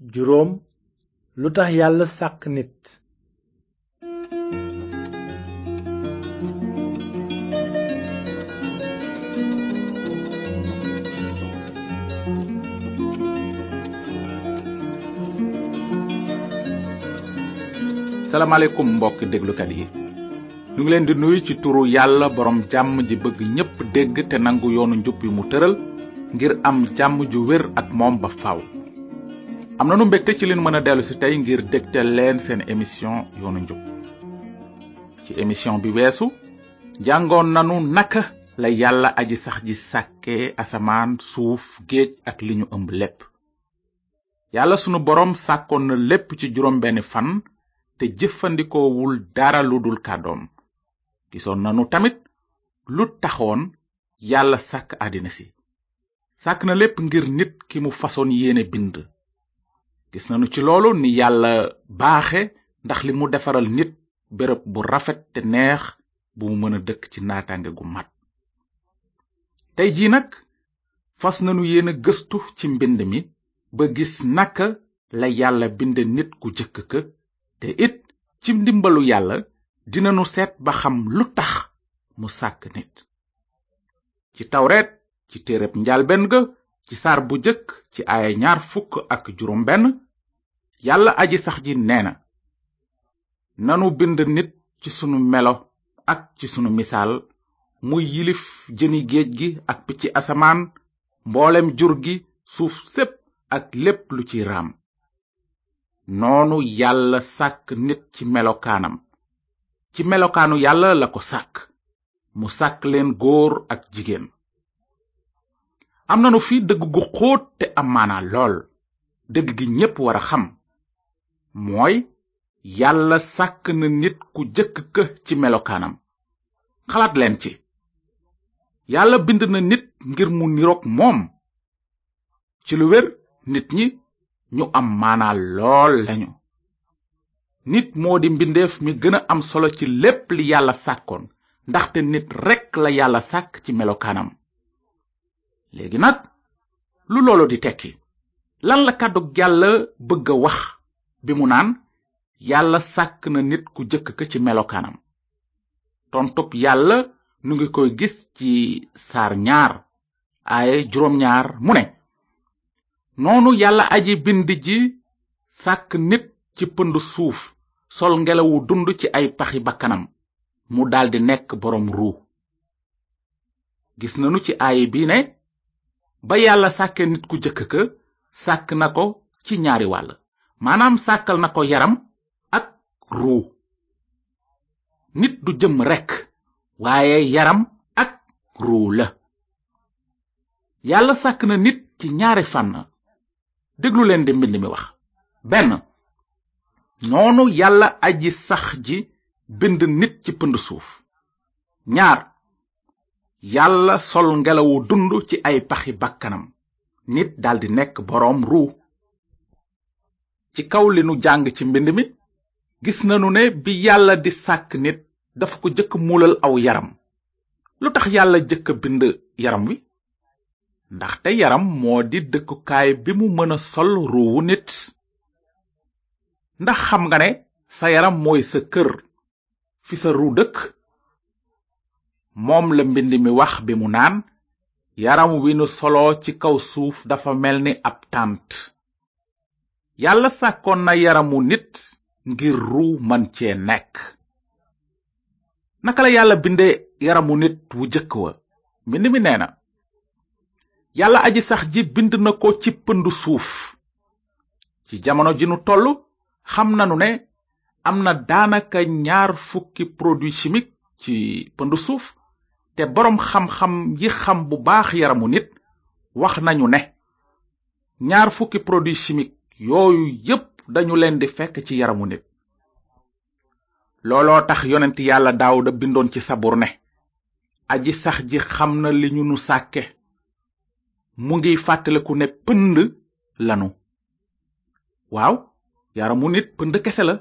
juróom lu tax yàlla sàkk nit salaamaaleykum mbokki déglukat yi ñu ngi leen di nuyu ci turu yàlla borom jàmm ji bëgg ñépp dégg te nangu yoonu njub mu tëral ngir am jàmm ju wér ak moom ba faaw am nanu mbégte ci leen mën a dellu si tey ngir dégtal leen seen émission yoonu njub ci émission bi weesu jàngoon nanu naka la yàlla aji sax ji sàkkee asamaan suuf géej ak li ñu ëmb lépp yàlla sunu boroom sàkkoon na lépp ci juróom benni fan te jëfandikoowul dara lu dul kàddoom gisoon nanu tamit lu taxoon yàlla sàkk àddina si sàkk na lépp ngir nit ki mu fasoon yéene bind gis nañu ci loolu ni yàlla baaxe ndax li mu defaral nit béréb bu rafet te neex bu mu mën a dëkk ci naataange gu mat tey jii nag fas nanu yéen a gëstu ci mbind mi ba gis naka la yàlla binde nit ku jëkk ka te it ci ndimbalu yàlla dina nu seet ba xam lu tax mu sàkk nit ci tawret ci téereb njàlben ga ci saar bu jëkk ci aaya ñaar fukk ak juróom benn yàlla aji sax ji nee na nanu bind nit ci sunu melo ak ci sunu misaal muy yilif jëni géej gi ak picc asamaan mbooleem jur gi suuf sépp ak lépp lu ci raam noonu yàlla sàkk nit ci melokaanam ci melokaanu yàlla la ko sàkk mu sàkk leen góor ak jigéen am nanu fi dëgg gu xóot te am maanaa lool dëgg gi ñépp war a xam mooy yàlla sàkk na nit ku jëkk ka ci melokaanam xalaat leen ci yàlla bind na nit ngir mu niroog moom ci lu wér nit ñi ñu am maanaa lool lañu nit moo di mbindeef mi gën a am solo ci lépp li yàlla sàkkoon ndaxte nit rekk la yàlla sàkk ci melokaanam léegi nag lu loolu di tekki lan la kàddug yàlla bëgg a wax bi mu naan yàlla sàkk na nit ku jëkk ka ci melokaanam tontub yàlla nu ngi koy gis ci saar ñaar ay juróom ñaar mu ne noonu yàlla aji bind ji sàkk nit ci pënd suuf sol ngelawu dund ci ay paxi bakkanam mu daldi nekk boroom ruu gis nu ci aay bi ne ba yàlla sàkke nit ku jëkk ka sàkk na ko ci ñaari wàll maanaam sàkkal na ko yaram ak ruu nit du jëmm rekk waaye yaram ak ruu la yàlla sàkk na nit ci ñaari fànn déglu leen di mbind mi wax benn noonu yàlla aji sax ji bind nit ci pënd suuf ñaar yàlla sol ngelawu dund ci ay paxi bakkanam nit daldi nekk boroom ruu ci kaw li nu jàng ci mbind mi gis nanu ne bi yàlla di sàkk nit dafa ko jëkk muulal aw yaram lu tax yàlla jëkk bind yaram wi ndax te yaram moo di dëkkukaay bi mu mën a sol ruuwu nit ndax xam nga ne sa yaram mooy sa kër fi sa ruu dëkk moom la mbind mi wax bi mu naan yaram wi nu solo ci kaw suuf dafa mel ni ab tànt yàlla sàkkoon na yaramu nit ngir ruu man cee nekk naka la yàlla binde yaramu nit wu jëkk wa mbind mi nee na yàlla aji sax ji bind na ko ci pëndu suuf ci jamono ji nu toll xam nanu ne am na daanaka ñaar fukki produit chimique ci pëndu suuf te boroom xam-xam yi xam bu baax yaramu nit wax nañu ne ñaar fukki produit chimique yooyu yépp dañu leen di fekk ci yaramu nit looloo tax yonent yàlla daaw daawuda bindoon ci sabur ne aji sax ji xam na li ñu nu sàkke mu ngi fàttaliku ne pënd lanu waaw yaramu nit pënd kese la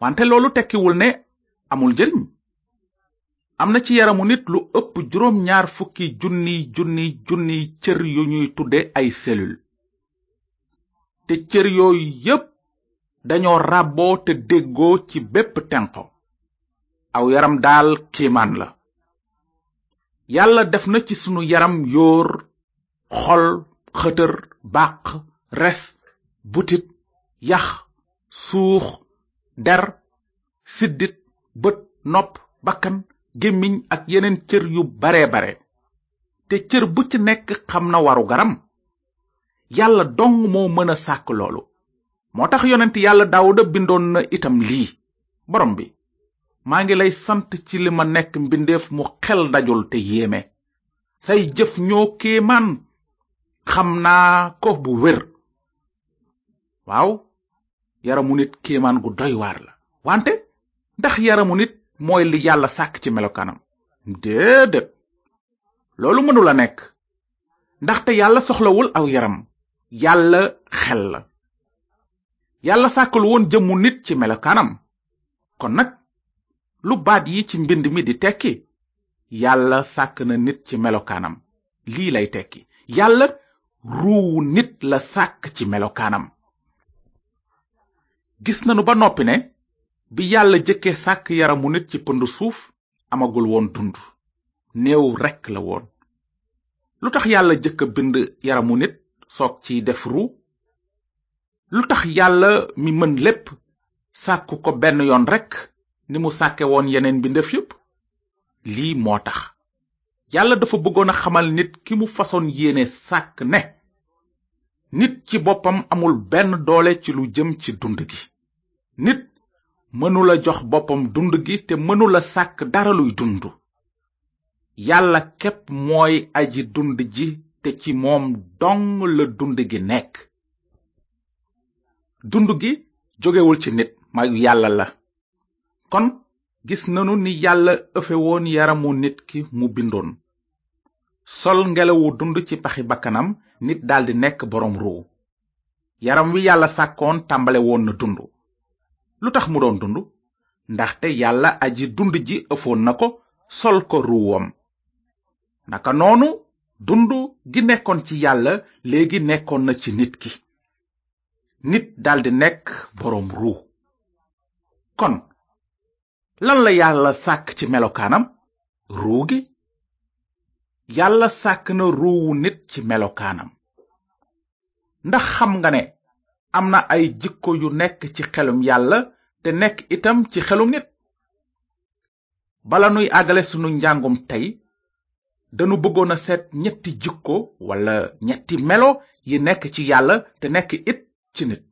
wante loolu tekkiwul ne amul njariñ am na ci yaramu nit lu ëpp juróom ñaar fukki junniy junniy junniy cër yu ñuy tudde ay selul te cër yooyu yépp dañoo ràbboo te déggoo ci bépp tenqo aw yaram daal kiimaan la yàlla def na ci sunu yaram yóor xol xëtër bàq res butit yax suux der siddit bët nopp bakkan gémmiñ ak yeneen cër yu bare bare te cër bu ci nekk xam na waru garam yàlla dong moo mën a sàkk loolu moo tax yonent yàlla daawuda bindoon na itam lii borom bi maa ngi lay sant ci lima nekk mbindeef mu xel dajul te yéeme say jëf ñoo kéemaan xam naa ko bu wér waaw yaramu nit kéemaan gu doy waar la wante ndax yaramu nit mooy li yàlla sàkk ci melokaanam déedéet loolu mënula nekk ndaxte yàlla soxlawul aw yaram yàlla xel la yàlla sàkkul woon jëmmu nit ci melokaanam kon nag lu baat yi ci mbind mi di tekki yàlla sàkk na nit ci melokaanam lii lay tekki yàlla ruuwu nit la sàkk ci melokaanam gis na nu ba noppi ne bi yàlla jëkke sàkk yaramu nit ci pënd suuf amagul woon dund néew rekk la woon lu tax yàlla jëkk a bind yaramu nit soog ci def ru lu tax yàlla mi mën lépp sàkku ko benn yoon rekk ni mu sàkke woon yeneen mbindeef yépp lii moo tax yàlla dafa bëggoon a xamal nit ki mu fasoon yéene sàkk ne nit ci boppam amul benn doole ci lu jëm ci dund gi nit mënula jox boppam dund gi te mënula sàkk dara luy dund yàlla képp mooy aji dund ji te ci moom dong la dund gi nekk dund gi jógewul ci nit mayu yàlla la kon gis nanu ni yàlla ëfewoon yaramu nit ki mu bindoon sol ngelawu dund ci paxi bakkanam nit daldi nekk boroom ruu yaram wi yàlla sàkkoon tàmbale woon na dund lu tax mu doon dund ndaxte yàlla aji dund ji ëfoon na ko sol ko ruuwam naka noonu dund gi nekkoon ci yàlla léegi nekkoon na ci nit ki nit daldi nekk boroom ruu kon lan la yàlla sàkk ci melokaanam ruu gi yàlla sàkk na ruuwu nit ci melokaanam ndax xam nga ne am na ay jikko yu nekk ci xelum yàlla te nekk itam ci xelum nit bala nuy àggale sunu njàngum tey danu bëggoon a seet ñetti jikko wala ñetti melo yi nekk ci yàlla te nekk it ci nit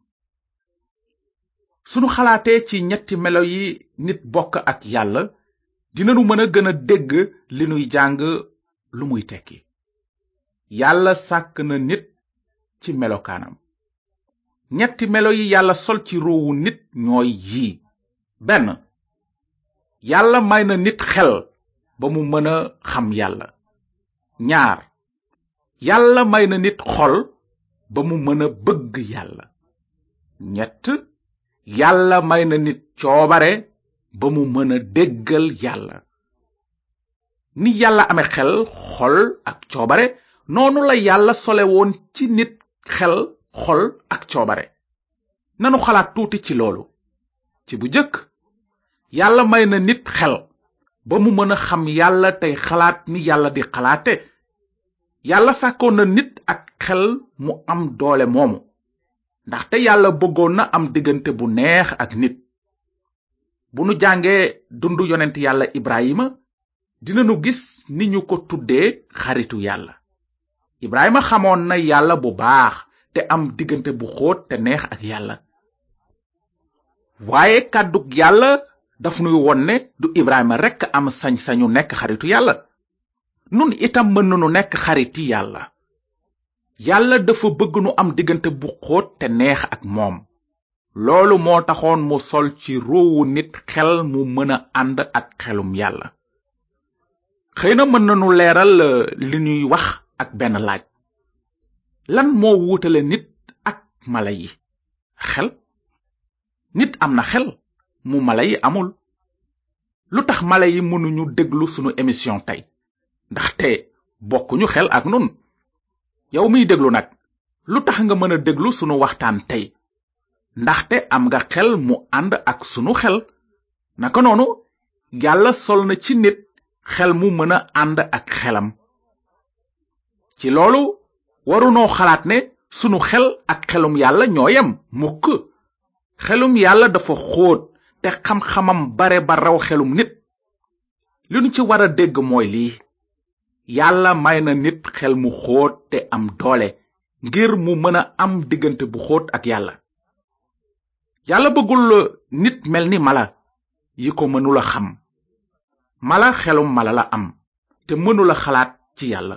sunu xalaatee ci ñetti melo yi nit bokk ak yàlla dinanu mën a gën a dégg li nuy jàng lu muy tekki yàlla sàkk na nit ci melokaanam ñetti melo yi yàlla sol ci ruuwu nit ñooy yii benn yàlla may na nit xel ba mu mën a xam yàlla ñaar yàlla may na nit xol ba mu mën a bëgg yàlla ñett yàlla may na nit coobare ba mu mën a déggal yàlla ni yàlla ame xel xol ak coobare noonu la yàlla solewoon ci nit xel xol ak coobare nanu xalaat tuuti ci loolu ci bu jëkk yàlla may na nit xel ba mu mën a xam yàlla tey xalaat ni yàlla di xalaate yàlla sàkkoon na nit ak xel mu am doole moomu ndaxte yàlla bëggoon na am diggante bu neex ak nit bu nu jàngee dund yonent yàlla ibrahima dinanu gis ni ñu ko tuddee xaritu yàlla ibrahima xamoon na yàlla bu baax te am diggante bu xóot neex ak yàlla waaye kàddug yàlla daf nuy won ne du ibrahima rekk am sañ-sañu nekk xaritu yàlla nun itam mën nanu nekk xariti yàlla yàlla dafa bëgg nu am diggante bu xóot te neex ak moom loolu moo taxoon mu sol ci ruuwu nit xel mu mën a ànd ak xelum yàlla xëy na mën nanu leeral euh, li ñuy wax ak benn laaj lan moo wuutale nit ak mala yi xel nit am na xel mu mala yi amul lu tax mala yi mënuñu déglu sunu émission tey ndaxte bokkuñu xel ak nun yow mii déglu nag lu tax nga mën a déglu sunu waxtaan tey ndaxte am nga xel mu ànd ak sunu xel naka noonu yàlla sol na ci nit xel mu mën a ànd ak xelam ci loolu warunoo xalaat ne sunu xel ak xelum yàlla ñoo yam mukk xelum yàlla dafa xóot te xamxamam bare ba raw xelum nit li nu ci war a dégg mooy lii yàlla may na nit xel mu xóot te am doole ngir mu mën a am diggante bu xóot ak yàlla yàlla bëggul nit mel ni mala yi ko mënula xam mala xelum mala la am te mënula xalaat ci yàlla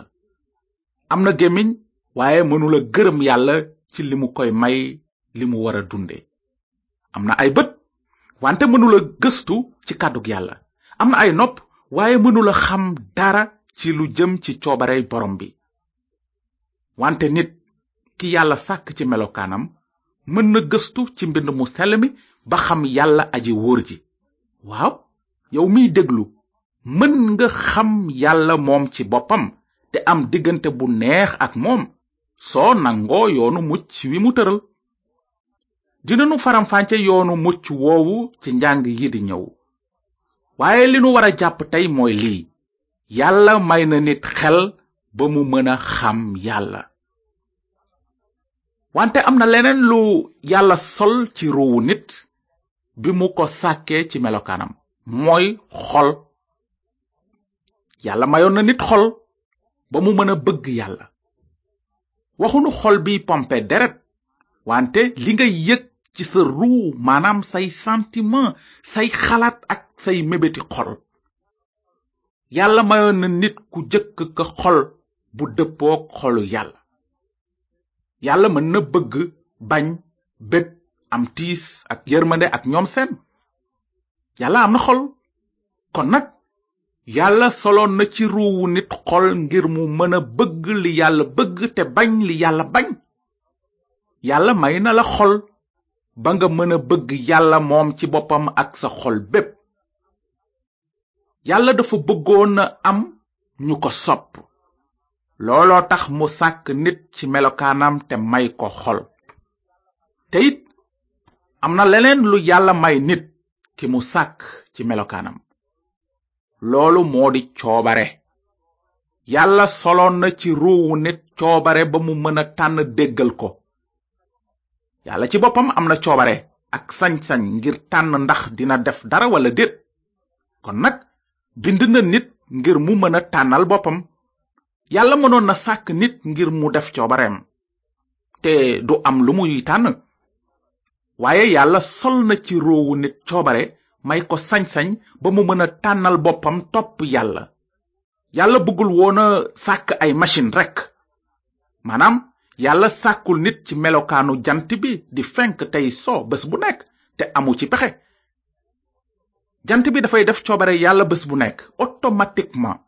am na gémmiñ waaye mënula gërëm yàlla ci li mu koy may li mu war a dunde am na ay bët wante mënula gëstu ci kàddug yàlla am na ay nopp waaye mënula xam dara ci lu jëm ci coobare borom bi wante nit ki yàlla sàkk ci melokaanam mën na gëstu ci mbind mu sell mi ba xam yàlla aji wóor ji waaw yow miy déglu mën nga xam yàlla moom ci boppam te am diggante bu neex ak moom soo nangoo yoonu mucc wi mu tëral dinanu faramfànce yoonu mucc woowu ci njàng yi di ñëw waaye li nu war a jàpp tey mooy lii yàlla may na nit xel ba mu mën a xam yàlla wante am na leneen lu yàlla sol ci ruwu nit bi mu ko sàkkee ci melokaanam mooy xol yàlla mayoon na nit xol ba mu mën a bëgg yàlla waxunu xol bi pompe deret wante li nga yëg ci sa ruu maanaam say sentiment say xalaat ak say mébéti xol yàlla mayoon na nit ku jëkk ka xol bu dëppook xolu yàlla yàlla mën na bëgg bañ bég am tiis ak yërmande ak ñoom seen yàlla am na xol kon nag yàlla soloon na ci ruuwu nit xol ngir mu mën a bëgg li yàlla bëgg te bañ li yàlla bañ yàlla may na la xol ba nga mën a bëgg yàlla moom ci boppam ak sa xol bépp yàlla dafa bëggoon a am ñu ko sopp looloo tax mu sàkk nit ci melokaanam te may ko xol te am na leneen lu yàlla may nit ki mu sàkk ci melokaanam loolu moo di coobare yàlla soloon na ci ruuwu nit coobare ba mu mën a tànn déggal ko yàlla ci boppam am na coobare ak sañsañ ngir tànn ndax dina def dara wala déet kon nag bind na nit ngir mu mën a tànnal boppam yàlla mënoon na sàkk nit ngir mu def coobareem te du am lu muy tànn waaye yàlla sol na ci roowu nit coobare may ko sañ-sañ ba mu mën a tànnal boppam topp yàlla yàlla bëggul woon a sàkk ay machine rekk maanaam yàlla sàkkul nit ci melokaanu jant bi di fenk tey soo bés bu nekk te amu ci pexe jant bi dafay def coobare yàlla bés bu nekk automatiquement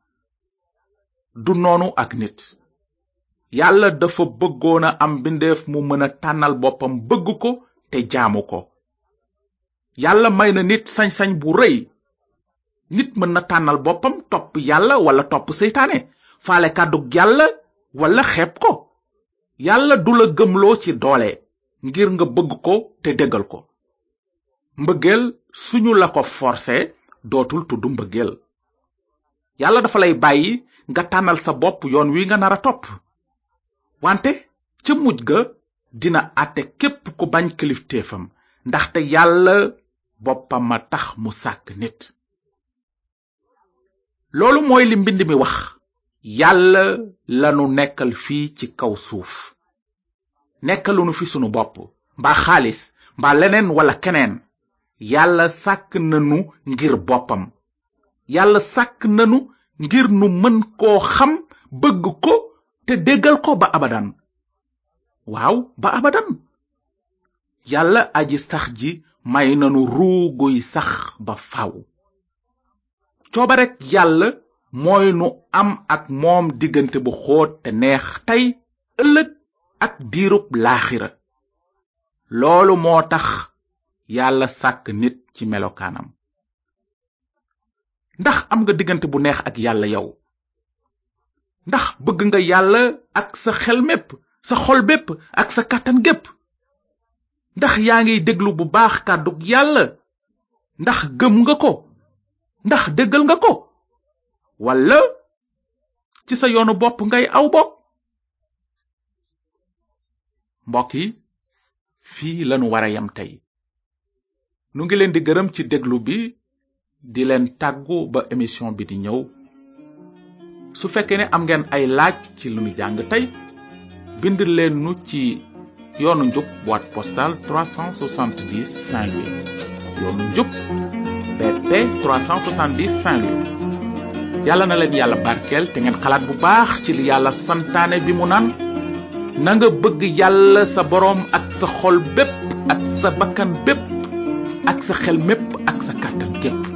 du noonu ak nit yàlla dafa bëggoon a am bindeef mu mën a tànnal boppam bëgg ko te jaamu ko yàlla may na nit sañsañ bu rëy nit mën na tànnal boppam topp yàlla walla topp seytaane faale kàddug yàlla walla xeeb ko yàlla du la gëmloo ci doole ngir nga bëgg ko te déggal ko mbëggeel suñu la ko forcé dootul tudd mbëggeel yàlla dafa lay bàyyi nga tànnal sa bopp yoon wi nga nar a topp wante ca mujj ga dina àtte képp ku bañ kilifteefam ndaxte yàlla boppam ma tax mu sàkk nit loolu mooy li mbind mi wax yàlla lanu nekkal fii ci kaw suuf nekkalunu fi sunu bopp mbaa xaalis mbaa leneen wala keneen yàlla sàkk nanu ngir boppam yàlla sàkk nanu ngir nu mën koo xam bëgg ko te déggal ko ba abadan waaw ba abadan yàlla aji sax ji may nanu ruuguy sax ba faw coobarek yàlla mooy nu am ak moom diggante bu xóot te neex tey ëllëg ak diirub laaxira loolu moo tax yàlla sàkk nit ci melokaanam ndax am nga diggante bu neex ak yàlla yow ndax bëgg nga yàlla ak sa xel mépp sa xol bépp ak sa kàttan gépp ndax yaa ngi déglu bu baax kàddug yàlla ndax gëm nga ko ndax déggal nga ko walla ci sa yoonu bopp ngay aw bopp mbokk yi fii lanu war a yam tey nu ngi leen di gërëm ci déglu bi di leen tàggu ba émission bi di ñëw su fekkee ne am ngeen ay laaj ci lu nu jàng tey bind leen nu ci yoonu njub boîte postale 370 Saint-Louis yoonu njub BP 370 Saint-Louis yàlla na leen yàlla barkeel te ngeen xalaat bu baax ci li yàlla santaane bi mu naan nanga nga bëgg yàlla sa boroom ak sa xol bépp ak sa bakkan bépp ak sa xel mépp ak sa kàttan gépp